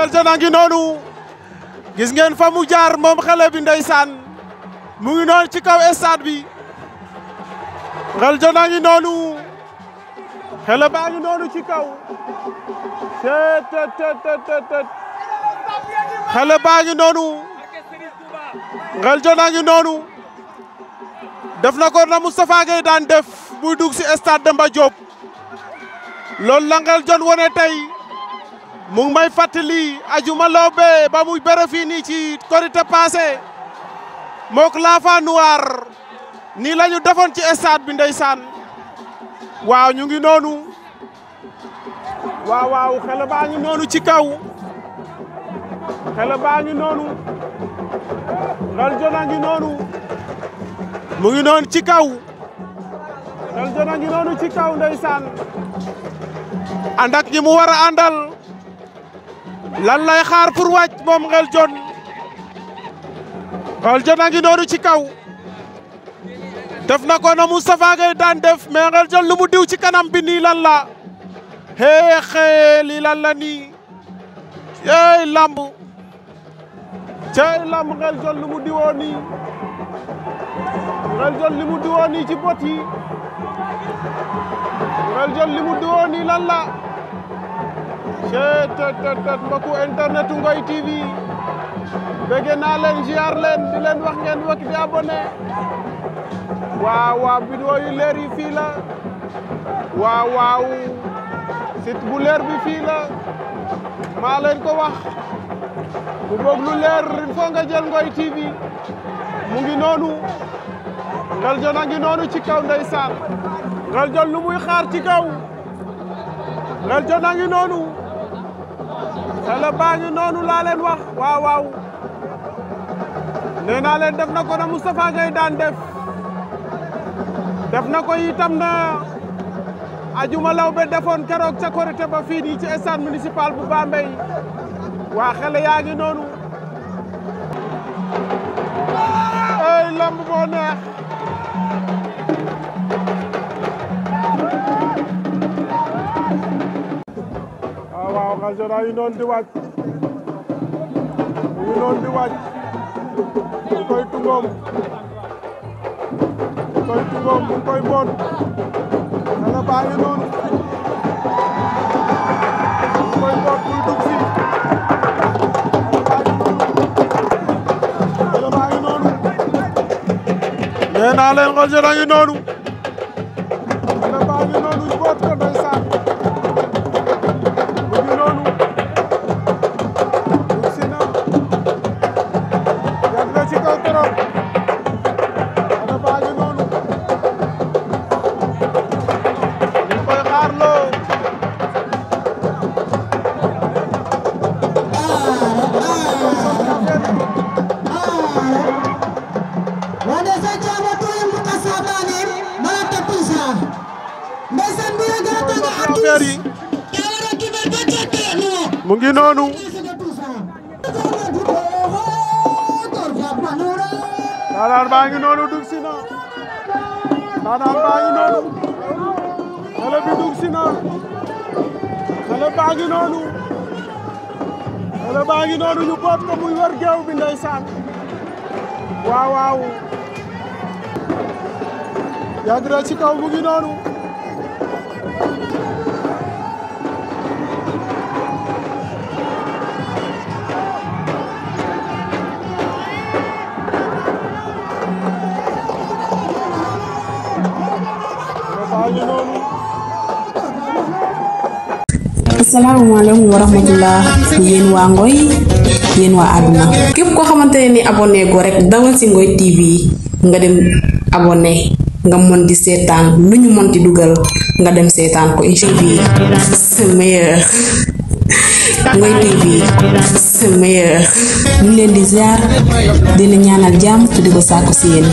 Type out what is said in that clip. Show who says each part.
Speaker 1: Colonel Sène a ngi noonu gis ngeen fa mu jaar moom xale bi ndeysaan mu ngi noonu ci kaw stade bi Colonel a ngi noonu xale ci kaw tet tet a ngi noonu def na ko na Moustapha Gueye daan def buy dugg si stade Demba Diop loolu la wone tey mu ngi may fàttali ajuma loobe ba muy bere fii nii ci korite passé mook laafa noir nii la ñu defoon ci stade bi ndeysaan waaw ñu ngi noonu waaw waaw xel baa noonu ci kaw xel baa ngi noonu ci kaw lal jona ngi ñi mu war a lan lay xaar pour wàcc moom Nguel Dione Nguel Dione ci kaw def na ko na Moustapha Gueye daan def mais Nguel lu mu diw ci kanam bi nii lan la xeexee lii lan nii cey lamb cey lamb Nguel Dione lu mu diwoo ci bot yi Nguel Dione mu diwoo nii ceet tet tet mbokku internetu Ngoy TV bëgg naa leen leen wax ngeen wëkk di abonné waaw waaw vidéo yu leer yi fii la waaw waaw site bu leer bi fii la maa leen ko wax bu bëgg lu leer il nga jël Ngoy TV mu ngi noonu ngal jo ngi noonu ci kaw ndeysaan ngal jo ngi noonu tala baa ngi noonu laa wax waaw waaw naa leen def na ko na Moustapha daan def def na ko itam na ajuma be defoon keroog ca Korité ba fii nii ci bu Bambey waa xale yaa ngi noonu ay lamb moo neex Jara yi noonu di wàcc yi noonu di wàcc mu ngi koy tungoom mu koy tungoom mu koy bon xale baa ngi noonu mu koy bon muy dugg si xale baa ngi noonu nee naa leen Ngol Jara yi noonu affaire mu ngi noonu daanaan baa ngi noonu dugg na daanaan baa ngi noonu xale baa ngi noonu xale baa ngi noonu ñu boot ko muy wër géew bi ndeysaan waaw waaw yàgg kaw mu ngi noonu Assalamualaikum warahmatullah wabarakatuh. yéen wa ngoy yéen wa àdduna képp koo xamante ni abonné go rek dawal si ngoy tv nga dem abonné nga mon di setan lu ñu mën di duggal nga dem setan ko incha c'est meilleur ngoy tv c'est meilleur ñu len di ziar di la ñaanal jàmm te di ko sàkku